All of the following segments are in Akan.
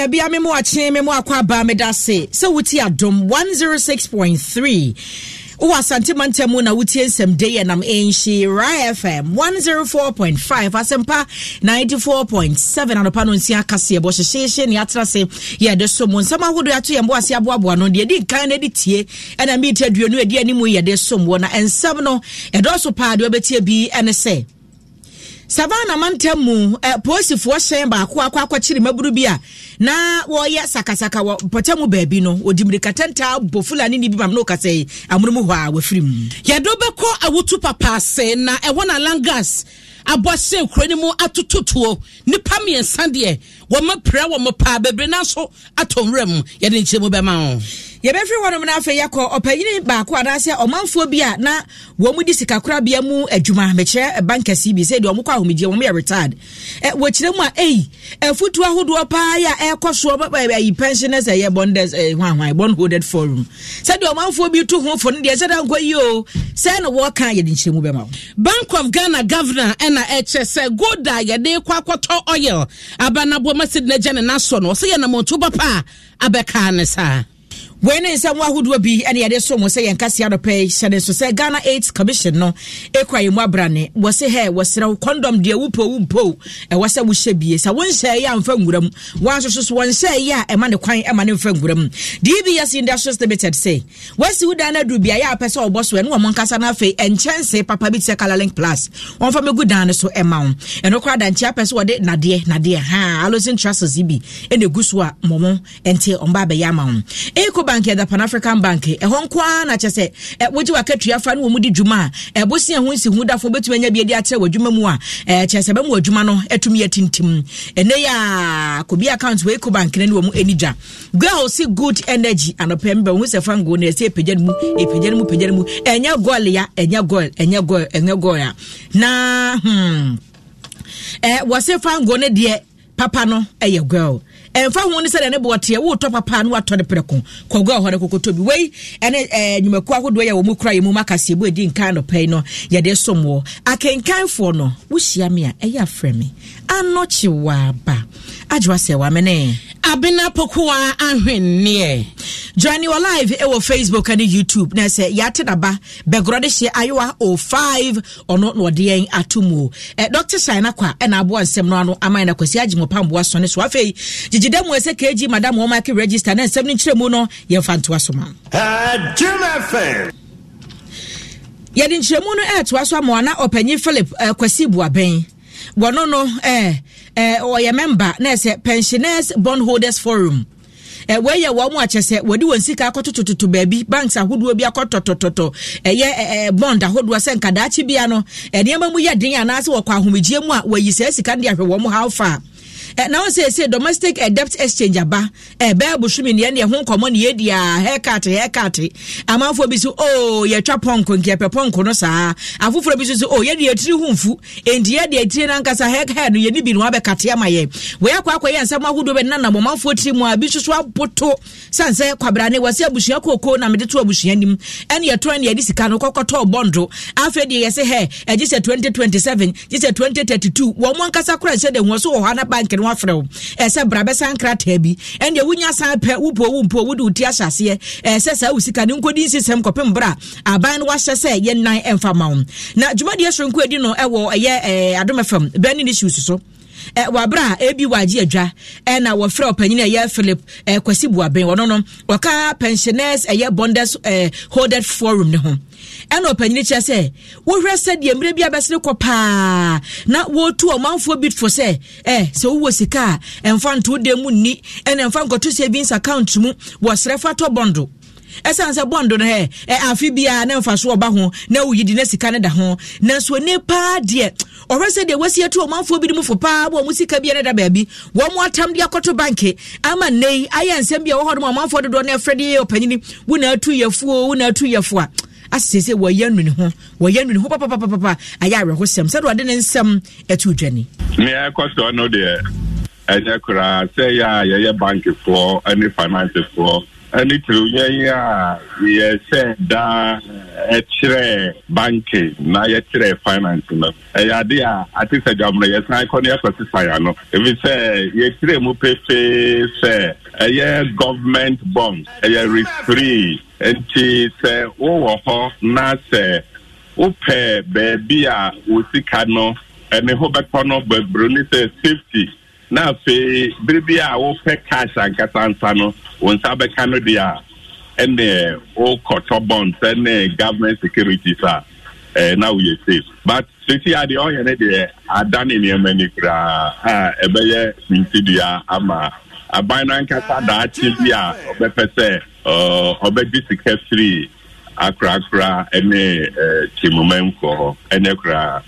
aberanteɛ bia me mu akye me mu akɔ aba meda se sɛ wote adom 106.3 wowɔ asante manta mu na wotie nsɛm de yɛ nam ɛnhyi ra fm 104.5 asɛmpa 94.7 anɔpa no nsia kaseɛ bɔ hyehyehye ne atra se yɛde so mu nsɛm ahodoɔ ato yɛn boase aboaboa no deɛ di nkan no de tie ɛna meeti aduonu adi animu yɛde som wɔ na ɛnsɛm no ɛdɔɔso paa deɛ wobɛtie bi ɛne sɛ savana mantam mu eh, polisifoɔ hyɛn baako akɔ akɔkyere maburu bi a na wɔyɛ sakasaka wɔ mpɔtam baabi no wɔde mmirikatɛntaa bɔ fulani ne bi mam no wokasa yi amonom hɔ a wafiri mu yɛde wobɛkɔ awotu papaase na ɛhɔ na langas abɔhyɛ nkuro no mu atototoɔ nnipa mmiɛnsa deɛ wɔn pira wɔn paa bebree nanso atɔ nwura mu yɛde nkyɛn mu bɛma wɔn. yɛbɛfiri wɔnom no afei yɛkɔ ɔpanyini baako anaasɛ ɔmanfoɔ bi a na wɔn mu di sikakorabea mu adwuma mekyerɛ eh, ban kɛseɛ bi sɛdeɛ ɔmo kɔ ahomegyeɛ wɔn yɛ retired ɛ eh, wɔkyerɛ mu a ɛyi ɛfutuo ahodoɔ paa yɛ a ɛkɔ soɔ ɛyi pensioners ɛyɛ bonders ɛɛ eh, hwanhwan bondholded forum sɛdeɛ ɔmanfoɔ bi to ho fo no deɛ ɛsɛ dɛ nkɔ yi o sɛɛ na wɔɔka yɛde nkyerɛ mu bɛma bank of ghana governor ɛna ɛkyɛ sɛ Goda a yɛde kɔ akɔtɔ oil abanabom ɔma si de n'agya ne n'asɔ no ɔsɛ yɛ namantu ba paa abɛkaa ne saa wei ne nsɛm ahodoɔ bi ne yɛde so mu sɛ yɛnkase adɔpɛ hyɛne so sɛ ghana aids commission no ɛkura yɛ mu abrane wɔ se hɛ wɔserɛ wo kɔndɔm deɛ wopɛ wompoo ɛwɔ sɛ wohyɛ bie sɛ wonhyɛeɛ amfa nwura mu wansoso so wɔnhyɛeɛ a ɛma ne kwan ɛma ne mfa nwura mu dbs industries limited sɛ wasi wo dan no aduru biaeɛ a wopɛ sɛ wɔbɔ so ɛne wɔ no afei ɛnkyɛnse papa bi te sɛ colorlink plus wɔmfa mɛgu dan no so ɛma wo ɛno kora dankyea pɛ sɛ wɔde nadeɛ nadeɛ ha alosin trusses yi bi ɛna ɛgu so a mmɔmo ɛnte ɔmba abɛyɛ ama wo bank The pan african bank ɛhɔ nko ara na kyɛ sɛ wogye wakatua fa ne wɔ mu di dwuma a ɛbosea ho nsi ho dafo wobɛtumi anya bi adi akyerɛ w'adwuma mu a kyerɛ sɛ bɛmu w'adwuma no atumi atintim ɛnɛ yi a kobi account wɔ eco bank no ne wɔ mu ani dwa girl si good energy anɔpɛ mbɛ wɔn sɛ fan go na ɛsɛ epagya no mu epagya no mu epagya no mu ɛnyɛ goal ya ɛnyɛ goal ɛnyɛ goal ɛnyɛ goal ya na hmm ɛɛ wɔsɛ fan go ne deɛ papa no ɛyɛ girl ɛmfa ho ne sɛdeɛ ne boɔ teɛ woretɔ papa no watɔ ne prɛko kɔgoa hɔ ne kokotɔ bi wei ɛne eh, nnwumakuo ahodoɔ yɛ wɔ mu kora yɛ mu ma kaseɛbu ɛdi nkan nɔpɛi no yɛde som wɔ akenkanfoɔ no wohyia me a ɛyɛ afrɛ me anɔkye waaba agyewa sɛ wamene abena pokuwa ahwenneɛ join your live ɛwɔ facebook ne youtube na sɛ yɛate naba bɛgorɔ de hyeɛ ayowa 05 ɔno na ɔde yɛn ato eh, dr sae no kwa ɛna aboa nsɛm no ano ama na kwasi agye mɔpamboa sɔne so afei gyegyeda mu ɛsɛ KG, madam ɔmake register na nsɛm no nkyerɛ mu no yɛmfa ntoa so ma yɛde nkyerɛmu no ɛɛtoa so ama ɔna ɔpanyin philip eh, kwasi buabɛn wɔno no ɛɛ ɛɛ ɔyɛ member na ɛsɛ pensioners holders forum ɛɛ eh, wɔyɛ wɔn mu akyɛ sɛ wɔde wɔn sika akɔtotototo baabi banks ahodoɔ bi akɔtɔtɔtɔtɔ ɛyɛ ɛɛ bond ahodoɔ sɛ nkadaakye bia no ɛnneɛma mu yɛ den anaasɛ wɔkɔ ahomegyeɛ mu a wɔyi saa sika de ahwɛ wɔn how far. na wɔn sɛ ɛsɛ domestic debt exchange aba ɛbɛɛ bosomi ne yɛn ne ho nkɔmɔ ne yɛdi a haircut haircut amanfoɔ bi so oo oh, yɛtwa pɔnko nkɛpɛ pɔnko no saa afoforɔ bi so so oo oh, yɛde yɛtiri ho mfu nti yɛde yɛtiri nankasa haircut no yɛni bi no abɛkate ama yɛ wɔyɛ akɔ akɔ yɛ nsɛm ahodoɔ bɛ nenam ɔmanfoɔ tiri mu a bi soso aboto san kwabra ne wɔsi abusua kooko na mede to abusua nim ɛne yɛtɔn ne yɛde sika no kɔkɔtɔ bɔndo afei deɛ yɛsɛ hɛ ɛgye sɛ 2027 gye sɛ 2032 wɔn ankasa kora nhyɛ de wɔn so wɔ hɔ ana bank no ho afrɛ wo ɛsɛ bra bɛsa nkrataa bi ɛndeɛ wonya san pɛ wopo wo mpo wode wo ti ahyɛseɛ ɛsɛ saa wo sika ne nkɔdi nsisɛm kɔpem berɛ a aban no wahyɛ sɛ yɛnnan ɛmfa ma wo na dwumadeɛ soronko adi no ɛwɔ ɛyɛ adom fam bɛne ne hyiw so so wabra ebi wagye adwa eh, wɔfrɛ ɔpanyin ɛyɛ philip eh, kwasi buaben wɔno no wɔka pensioners ɛyɛ eh, bonders eh, holded forum ne ho ɛna ɔpanyini kyerɛ sɛ wohwɛ sɛdeɛ mmerɛ bi abɛsene kɔ paa na wɔtu ɔmanfoɔ bi fo sɛ ɛ sɛ wowɔ sika a ɛmfa nto wode mu nni ɛna ɛmfa nkɔto savings account mu wɔserɛ fa tɔ bɔndo ɛsiane sɛ bɔndo no hɛ ɛ afe biara na mfa so ɔba ho na woyi di na sika no da ho nanso ne paa deɛ ɔhwɛ sɛ deɛ wasi ato ɔmanfoɔ bi mu fo paa bɔ ɔmo sika bia no da baabi wɔn mo atam de akɔto banki ama nnɛ yi ayɛ nsɛm bi a ɛwɔ hɔ nom ɔmanfoɔ dodoɔ no ɛfrɛ de yɛ ɔpanyini wo atu yɛfuo wo na atu yɛfoa asese wɔyɛ nwene ho wɔyɛ nwene ho papapapapa ayɛ awerɛhosɛm sɛde ɔde ne nsɛm ɛto dwane meɛ kɔ sɛ ɔno deɛ ɛnyɛ koraa sɛ yɛ a yɛyɛ bankfoɔ ne financefoɔ ɛne tironyanyi a yɛhyɛ daa ɛkyerɛ banking na yɛkyerɛ finance no ɛyɛ ade a ate sɛ dwammerɛ yɛsan kɔ no yɛkɔsesaya no ebi sɛ yɛkyerɛ mu pefee sɛ ɛyɛ government bonds ɛyɛ risk free nti sɛ wowɔ hɔ na sɛ wopɛ baabi a wo no ɛne ho bɛkɔ no ne sɛ safety na afei bere a wopɛ cash ankasansa no wo nsa bɛka no deɛ a ɛne wokɔtɔ bonds ɛne government securities a na woyɛ safe aban no ankasa daakye bi a ɔbɛpɛ sɛ ɔbɛgye sika firi akorakora ne kyemoma mfoɔ hɔ ɛnɛ koraa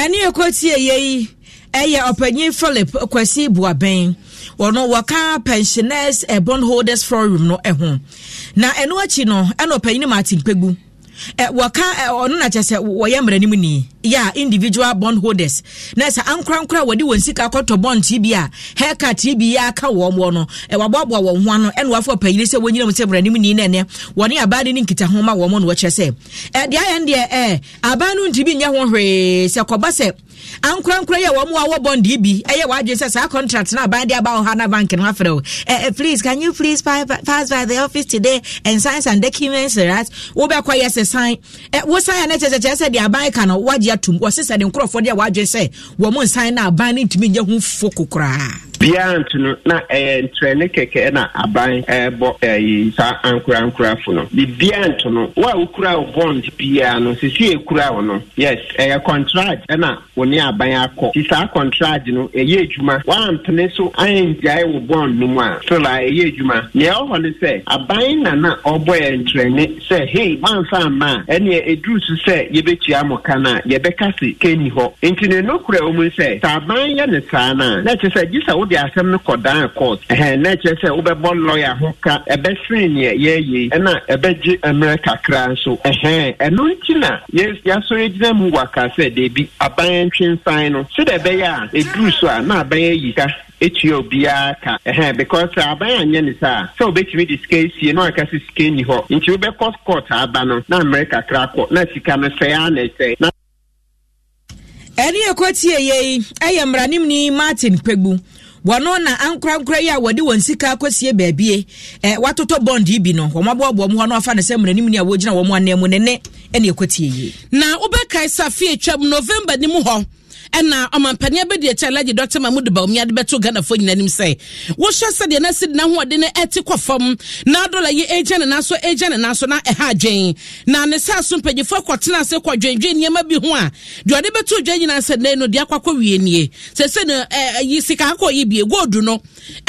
ɛne ɛkɔtie yei ɛyɛ ɔpanyin philip kwasi buabɛn wɔno wɔka pensioners born e bondholders forum no ho na ɛno akyi no ɛna ɔpanyin martin pegu e, wɔka ɔno e, na kyɛ sɛ wɔyɛ nii yeah, individual bond holders na sɛ ankorankora wɔde wɔn sika akɔtɔ bɔnte bi a haircut bi yɛ aka wɔn wɔ no ɛwaboaboa wɔn ho ano ɛna wɔafɔ panyini sɛ wɔnyina mu sɛ mmaranim ni na ɛnɛ wɔne aban ne nkita ho ma wɔn mo na wɔkyerɛ sɛ ɛdeɛ ayɛ deɛ ɛɛ aban no ntumi nyɛ ho hwee sɛ kɔba sɛ ankorankora yi a wɔn a wɔbɔ ndi bi ɛyɛ wɔadwene sɛ saa contract na aban de aba wɔ ha na bank no afrɛ o ɛɛ please can you please pass by the office today and sign some documents right wobɛkɔ yɛ sɛ sign ɛ wosan yɛ ne kyerɛkyerɛ sɛ deɛ aban ka no wagye atom wɔse sɛ ne nkurɔfoɔ deɛ wɔadwen sɛ wɔ mo nsan no aban no ntumi nyɛ ho fo kokoraa biara nto na ɛyɛ eh, ntrɛne kɛkɛ na aban ɛbɔ eh, ɛyi eh, saa ankorankorafo no biribiara nto no wo a wokura wo bond biara no sisi ekura wo no yes ɛyɛ contract ɛna wo ne aban akɔ ti saa contract no ɛyɛ wa wampene so anyangyae wo bond no mu a still a ɛyɛ adwuma nea ɛwɔ hɔ no sɛ aban na na ɔbɔ yɛ ntrɛne sɛ hei wamfa ama a ɛneɛ ɛduru so sɛ yɛbɛkyia mo ka a yɛbɛka se kɛni hɔ nti ne no sɛ sɛ aban yɛ ne saa no a na ɛkyɛ sɛ gye sɛ wode wogye asɛm no kɔdaa court na ɛkyerɛ sɛ wobɛbɔ lɔya ho ka ɛbɛsene neɛ yɛyei ɛna ɛbɛgye mmerɛ kakra nso ɛhɛn ɛno nti na yɛasɔre gyina mu waka sɛ deebi aban ntwe ɛbɛyɛ a so a na aban ayi ka ka because aban wɔno na ankorankora yi a wɔde wɔn sika akɔsie baabie eh, watotɔ bond yi bi no wɔn aboaboa mu hɔ no afa ne sɛ mmeranim ni a wɔgyina wɔn anan mu ne ne ɛne ɛkɔtie yie na wobɛkae safie twam november ni mu hɔ ɛna ɔmampaneɛ bɛdi akyɛ alagye dɔte ma mu de baomi ade bɛto ghanafoɔ nyina anim sɛ wohwɛ sɛdeɛ na sidi n'ahoɔden no ɛte kɔ fam na dɔla yi agya ne naso agya ne naso na ɛha adwen na ne saa so mpanyinfoɔ kɔtena ase kɔdwendwen nneɛma bi ho a deɛ ɔde bɛto dwa nyinaa sɛ nnɛ no deɛ akɔ akɔ wie nie sɛ sɛ no ɛyi sika akɔ yi bie goodu no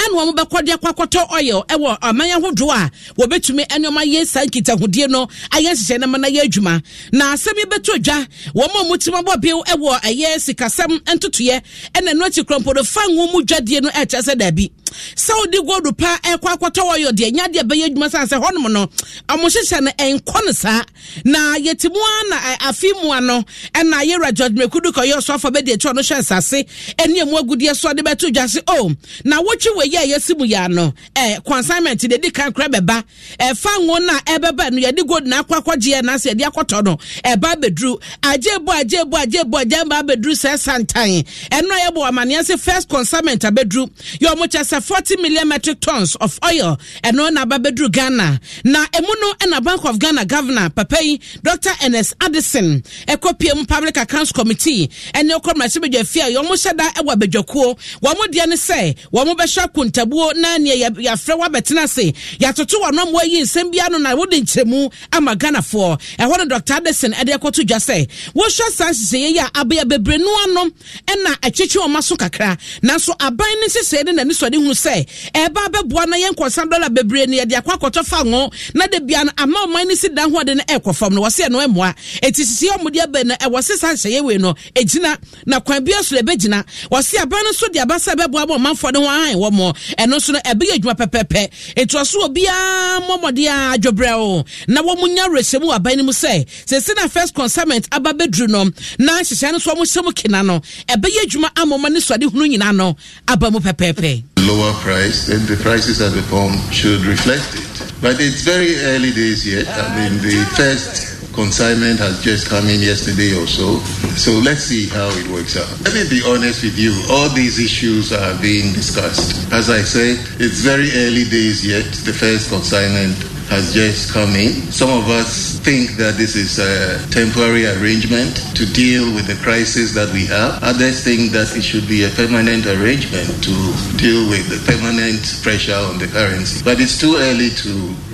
ɛna wɔn bɛkɔ de akɔkɔtɔ oil ɛwɔ aman ahodoɔ a wɔbɛtumi nneɛma yɛ saa nkitahodie no ayɛ nhyehyɛ nam na yɛ adwuma na asɛm yi bɛtɔ dwa wɔn a wɔtumi abɔ biw ɛwɔ ɛyɛ sikasɛm ntotoeɛ ɛna ɛno akyi kurɔmpodofa nwom dwadeɛ no ɛkyɛ sɛ daabi sɛ wode gold pa ɛkɔ akɔtɔ wɔyɛ deɛ ɛnya deɛ ɛbɛyɛ adwuma sane sɛ hɔnom no ɔmo no ɛnkɔ no saa na yɛte a na afe mua no ɛna yɛwura jɔdmekudu kɔ yɛ ɔsɔfo bɛde akyi ɔno hyɛ nsase ɛne ɛmu agudeɛ soɔ de bɛto dwa se o oh, na wotwe wɔ yɛ a yɛsi mu yɛ ano ɛ consignment deɛ di kan kora bɛba ɛfa ngo no a ɛbɛba no yɛde gold na akɔ akɔgyeɛ na sɛ yɛde akɔtɔ no ɛba abɛduru agyebu agyebu agyebu agyebu abɛduru sɛ santan ɛno a yɛbɔ amaneɛ se first consignment abɛduru yɛ ɔmo kyɛ sɛ 40 million metric tons of oil ɛno na aba bɛduru ghana na ɛmu no ɛna bank of ghana governor papa dr ns addison ɛkɔ pm public accounts committee ɛne ɔkɔ mmerɛsɛ badwafie a wɔn hyɛ da ɛwɔ badwakuo wɔn deɛ ne sɛ wɔn bɛhyɛ akontabuo na nea yɛafrɛ wabɛtena ase yɛatoto wɔn amoa yi nsɛm bia no na wɔde nkyerɛmu ama ghanafoɔ ɛhɔ no dr addison ɛde ɛkɔto dwa sɛ wɔhwɛ saa nhyehyɛeɛ yi a abea bebree no ano ɛna ɛkyekye wɔn aso kakra nanso aban ne nhyehyɛeɛ no n'ani sɔre hu sɛ ɛba bɛboa na yɛn nkɔsa dɔla bebree no yɛde akɔ akɔtɔ fa ngo na de bia no ama ɔman no si dan ho ɔde no ɛkɔ fam no wɔsɛ ɛno ɛmmoa ɛti sisi ɔmodeɛ bɛ no ɛwɔ se saa nhyɛyɛ wei no ɛgyina na kwan bi asoro ɛbɛgyina wɔse aban no so de aba sɛ ɛbɛboa ma ɔmanfoɔ no ho ahan wɔ mɔ ɛno nso no ɛbɛyɛ adwuma pɛpɛpɛ ɛtoa so obiaa mmɔmmɔdeɛ a adwobrɛ na wɔmo nya werɛhyɛ mu aban no mu sɛ sɛsi na first consignment aba bɛduru no na nhyehyɛ no so ɔmo hyɛ mu kena no ɛbɛyɛ adwuma ama ɔma ne sɔde hunu nyinaa no aba mu pɛpɛɛpɛ lower price, then the prices at the pump should reflect it. But it's very early days yet. I mean, the first consignment has just come in yesterday or so. So let's see how it works out. Let me be honest with you, all these issues are being discussed. As I say, it's very early days yet. The first consignment has just come in. Some of us think that this is a temporary arrangement to deal with the crisis that we have. Others think that it should be a permanent arrangement to deal with the permanent pressure on the currency. But it's too early to,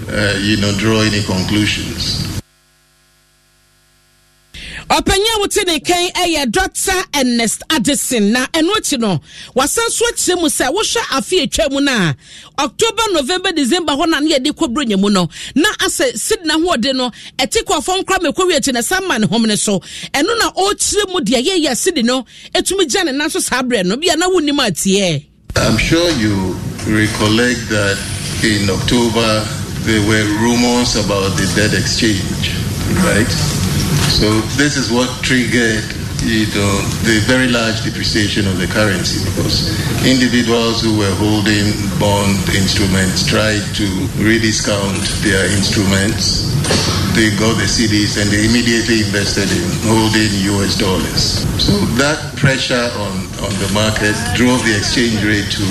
uh, you know, draw any conclusions. ɔpanyin a wote ne kɛn yɛ dɔkta ernest addison na ɛno akyi no wasan so akyerɛ mu sɛ wohwɛ afe atwa mu no a october november december hɔ na ne yɛde kɔburo nya mu no na asɛ sidna hoɔde no ɛte kɔɔfɔ nkora mɛkɔwi akyi na san ma ne hom ne so ɛno na ɔrekyerɛ mu deɛ yɛyɛ asidi no ɛtumi gya ne nan so saa berɛ no bia na wonnim ateɛ I'm sure you recollect that in October there were rumours about the dead exchange, right? So this is what triggered you know, the very large depreciation of the currency because individuals who were holding bond instruments tried to rediscount their instruments. They got the CDs and they immediately invested in holding US dollars. So that pressure on, on the market drove the exchange rate to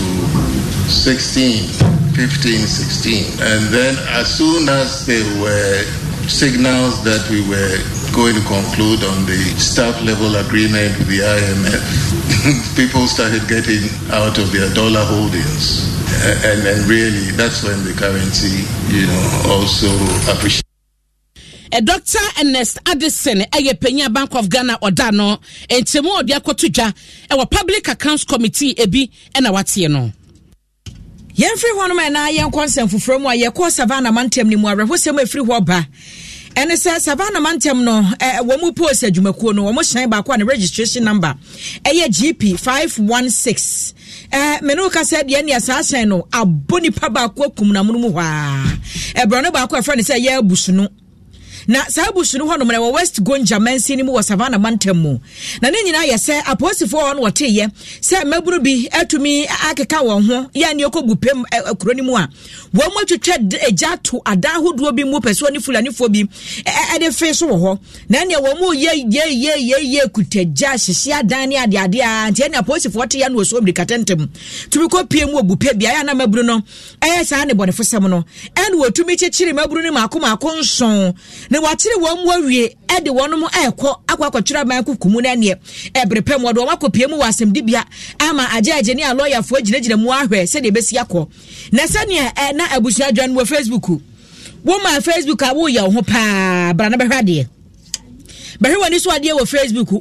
16, 15, 16. And then as soon as there were signals that we were going to conclude on the staff level agreement with the IMF, people started getting out of their dollar holdings. And, then really, that's when the currency, you know, also appreciated. A doctor Ernest Addison, ɛyɛ panyin Bank of Ghana odano no nkyɛnmu a ɔde akɔto Public Accounts Committee ebi ɛna wateɛ no. yɛmfiri hɔ nom ɛnaa yɛnkɔ nsɛm foforɔ mu a yɛkɔɔ savana mantam no mu awerɛhosɛm afiri hɔ ba ɛne sɛ savana mantam no wɔ mu post adwumakuo no wɔmo hyɛn baako a ne registration number ɛyɛ gp 516 mene woka sɛ deɛ nea saa hyɛn no abɔ nipa baako akum namono mu hɔ a ɛbrɛ no baako ɛfrɛ no sɛ yɛ abusu no na saa busu no hɔnom na ɛwɔ west gonja mansi no mu wɔ savana mantam mu na ne nyinaa yɛ sɛ apolisifoɔ hɔ no wɔteyɛ sɛ mmabunu bi atumi akeka wɔn ho yɛ ne ɔkɔbu pɛm kuro no mu a wɔn mu atwitwa agya to adan ahodoɔ bi mu pɛsoɔ ne fulanifoɔ bi ɛde fe so wɔ hɔ na ɛnea wɔn mu yɛ yɛ yɛ yɛ yɛ kutagya hyehyɛ adan ne adeadeɛ a nti ɛnea apolisifoɔ te yɛ no wɔ so mirika tɛntɛm tumi kɔ pie mu wɔ bupɛ beaeɛ a na mmabunu no ɛyɛ saa ne bɔnefosɛm no ɛne wɔtumi kyekyere mmabunu no maako maako nson ne na wakyere wɔn mu awie de wɔn ɛrekɔ akɔ akɔtwerɛ aban kuku ɛbere wɔde wɔn akɔpie mu wɔ asɛmdibea ama agyagye ne a gyinagyina mu ahwɛ sɛdeɛ akɔ na sɛnea abusua wɔ facebook facebook a paa bɛhwɛ adeɛ bɛhwɛ adeɛ wɔ facebook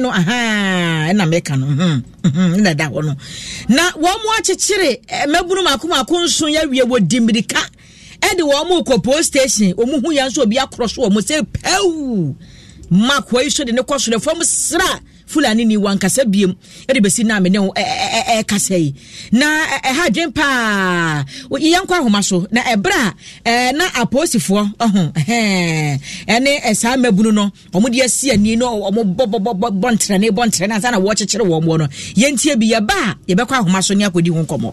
no ahaa ɛna mɛka no ɛna da hɔ na wɔn mu akyekyere mɛbunu mako mako yɛ awie ɛde wɔn mo kɔ police station wɔn ho yɛn nso obi akorɔ so wɔn sɛ pɛw makoa yi so de ne kɔ soro fam sra fulani ni wankasa biem ɛde bɛsi na amene ho ɛɛkasa yi na ɛha adwen paa yɛnkɔ ahoma so na ɛberɛ a na apolisifoɔ ɔho ɛne saa mmabunu no ɔmo de asi ani no ɔmo bɔbɔbɔbɔ ntrɛne bɔntrɛne ansa na wɔkyekyere wɔn mo no yɛntie bi yɛba a yɛbɛkɔ ahoma so ne akɔdi ho nkɔmmɔ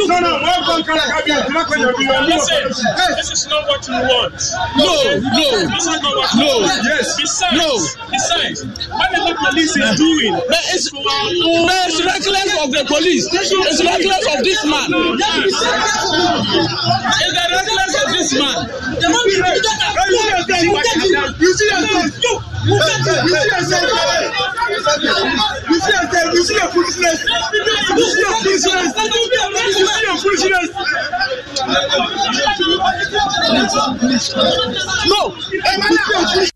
No, no, welcome, Kalakabi. Do not call your people. Listen, this is not what you want. No, no, no, yes, besides, no. Besides, what the police is doing. But it's, but it's reckless of the police. It's reckless of this man. It's the reckless of this man. You see yourself. You see yourself. You see yourself. You see your foolishness. You see your foolishness. your foolishness. No.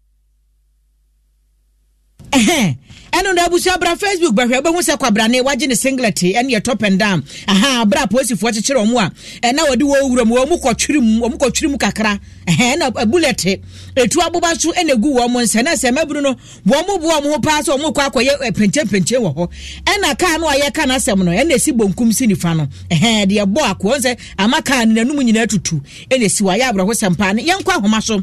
ɛno na abusua bra facebook bɛhwɛ wobɛhu sɛ kwabrane wagye ne singlet ɛne yɛ top and down aha berɛ a polisifoɔ kyekyere ɔmo a ɛna wɔde wɔ wura mu ɔmo kɔtwere mu ɔmo kɔtwere mu kakra bullet etu aboba so ɛna egu wɔn nsa na sɛ mɛburu no wɔn mu bu wɔn ho paa sɛ wɔn kɔ akɔyɛ pɛnkyɛnpɛnkyɛn wɔ hɔ ɛna kaa no a yɛ kaa n'asɛm no ɛna esi bonkum si nifa no ɛhɛn deɛ bɔ akɔ nsɛ ama kaa no n'anum nyinaa tutu ɛna esi wɔ ayɛ aborɔfo sɛm paa no yɛn kɔ ahoma so.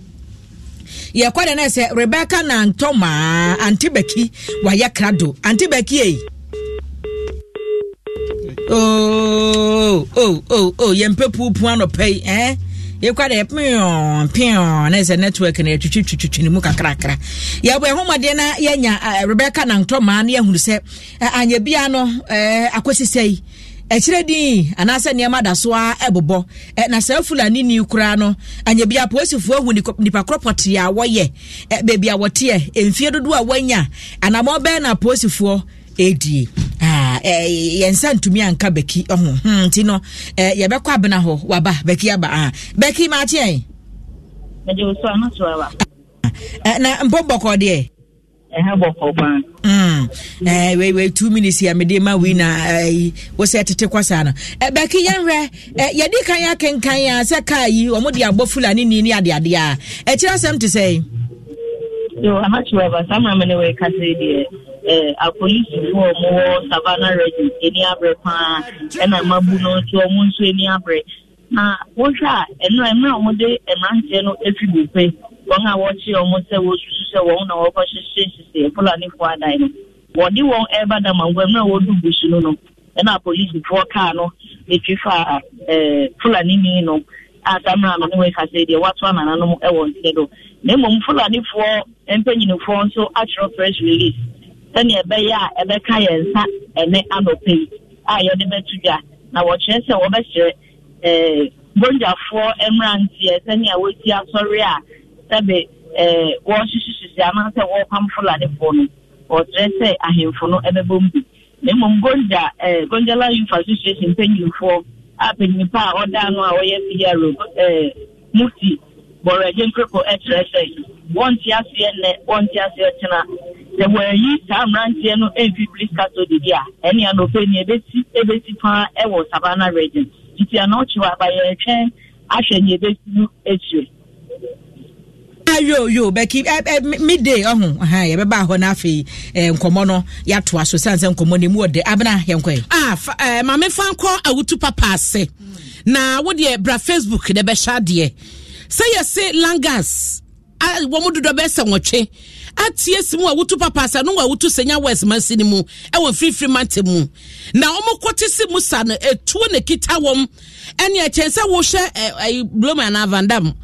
yɛkɔ de no sɛ Rebeka na antɔmaa ante baki wayɛ krado ante baki ei oh, oh, oh, oh, yɛmpɛ puupu anɔpɛ yi eh? yɛkɔ de peon peon na sɛ network no yɛtwitwitwitwi ne mu kakrakra yɛbɔ ɛhomadeɛ na yɛnya rebecca na ntɔmaa na yɛahunu sɛ anyɛ bia no akɔsi sɛ yi akyire din anaasɛ nneɛma da so a ɛbobɔ na saa fulani ni koraa no anya bi apolisifoɔ ahu nipa korɔ pɔtee a wɔyɛ baabi a wɔteɛ mfie dodoɔ a wɔanya anammɔ bɛɛ na apolisifoɔ ɛdie ah, yɛnsa ntumi anka baki ho hmm, nti no yɛbɛkɔ abena hɔ waba baki aba ah. baki maateɛ ah, na mpɔ bɔkɔ deɛ ɛhɛ bɔkɔ ban. ɛɛ wei wei two minutes yɛ mɛ de ma wei na ɛyi wosɛ tete kɔsa na ɛbɛki yɛn hwɛ ɛ yɛdi kan yɛ kankan yɛ sɛ kaa yi wɔn de abɔ fulani ni ni adeade eh, eh, eh, a ɛkyerɛ asɛm ti sɛ. yo amakyerɛ ba saa mmerɛ mene wɔyɛ kasa yi deɛ eh, apolisifoɔ a wɔwɔ savannah region ani abrɛ paa ɛna mabu no nti wɔn nso ani abrɛ na wohwɛ a ɛno mmerɛ a wɔde mmeranteɛ no afi bupe wɔn a wɔkye wɔn sɛ wɔsusu sɛ wɔn na wɔkɔhye hyehyɛ fulanifoɔ adan no wɔde wɔn ɛreba da ma na wɔdu busu no no ɛna polisifoɔ kaa no etwi fa ɛɛ eh, fulani nii no a samina no ne wɔn kasa deɛ wato anana no ɛwɔ do na mmom fulanifoɔ nso atwerɛ press release sɛnea ɛbɛyɛ a ɛbɛka yɛn nsa ɛne yi a yɛde dwa na wɔkyerɛ sɛ wɔbɛkyerɛ ɛɛ eh, bonjafoɔ mmeranteɛ sɛnea wɔsi asɔre a wọ́n anaa sɛ wɔpam fulanifoɔ no wɔkyerɛ sɛ ahemfo no bɛbɔ mu bi na mmom gonja gonjala youth association mpanyinfoɔ a panyinpa a ɔda no a ɔyɛ piyaro mufti bɔrɔ agye nkrepɔ kyerɛ sɛ wɔnte aseɛ nnɛ wɔnte aseɛ sɛ wɔayi saa mmeranteɛ no mfi e e police e a ɛne ɛbɛsi ɛbɛsi paa wɔ region titi a na ahwɛ nea ɛbɛsi no akyire ayoyo ah, bɛki eh, eh, ɛ midday ɔho uh-huh, ɛhan uh-huh, yɛ bɛba hɔ n'afɛ ɛ eh, nkɔmɔ no yatoa so sansan nkɔmɔ ne mu ɔdɛ abena yɛn kɔ yɛ. a ah, fa ɛ maame papa ase na wodeɛ bra facebook de bɛhyɛ adeɛ sɛ yɛse langas a ah, wɔn dodo bɛsɛ wɔtwe atie si mu awutu papa e sa no awutu senya west mansi ne mu ɛwɔ firifiri mante mu na wɔn kɔte si mu sa no etuo na kita wɔn ɛne ɛkyɛn sɛ wɔhyɛ ɛ ɛ bloma na avandam.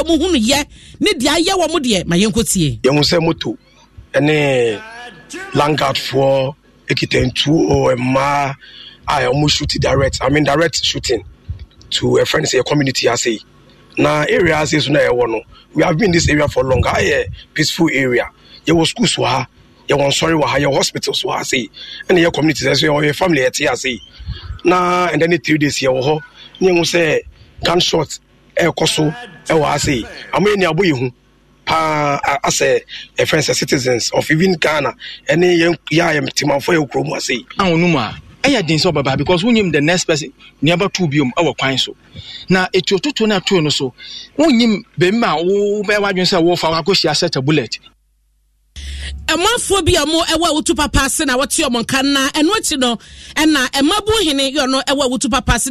deɛ ɔmo hunu yɛ ne deɛ ayɛ wɔn deɛ ma yɛn nkɔ tie. yɛn ho sɛ moto ɛne langardfoɔ ekita ntuo mmaa a ɔmo shoot direct i mean direct shooting to a friend say a community ase na area ase so na ɛwɔ no we have been in this area for long ayɛ peaceful area yɛwɔ schools wɔ ha yɛwɔ nsɔre wɔ ha yɛwɔ hospitals wɔ ha se ɛna yɛ community sɛ so yɛwɔ yɛ family ɛte ase na ɛnɛ ne three days yɛwɔ hɔ ne yɛn ho sɛ gunshot ɛɛkɔ so ɛwɔ ase ɔmo yɛ nea ɔbɔ yɛ hu paa asɛ ɛfɛn sɛ citizens of even ghana ɛne yɛn yɛ a yɛn yɛ kurom ase. ahun numu a ɛyɛ den sɛ ɔbɛba because wonyim the next person nea bɛtu biom ɛwɔ kwan so na etu otutu na atu no so wonyim bɛmi a wobɛyɛ wadwin sɛ wɔfa wakɔhyia set bullet ɛmoafoɔ bi a mo ɛwɔ awotu papa ase na wɔte ɔmo nka na ɛno akyi no ɛna ɛmabu hene yɛ ɛwɔ awotu papa ase na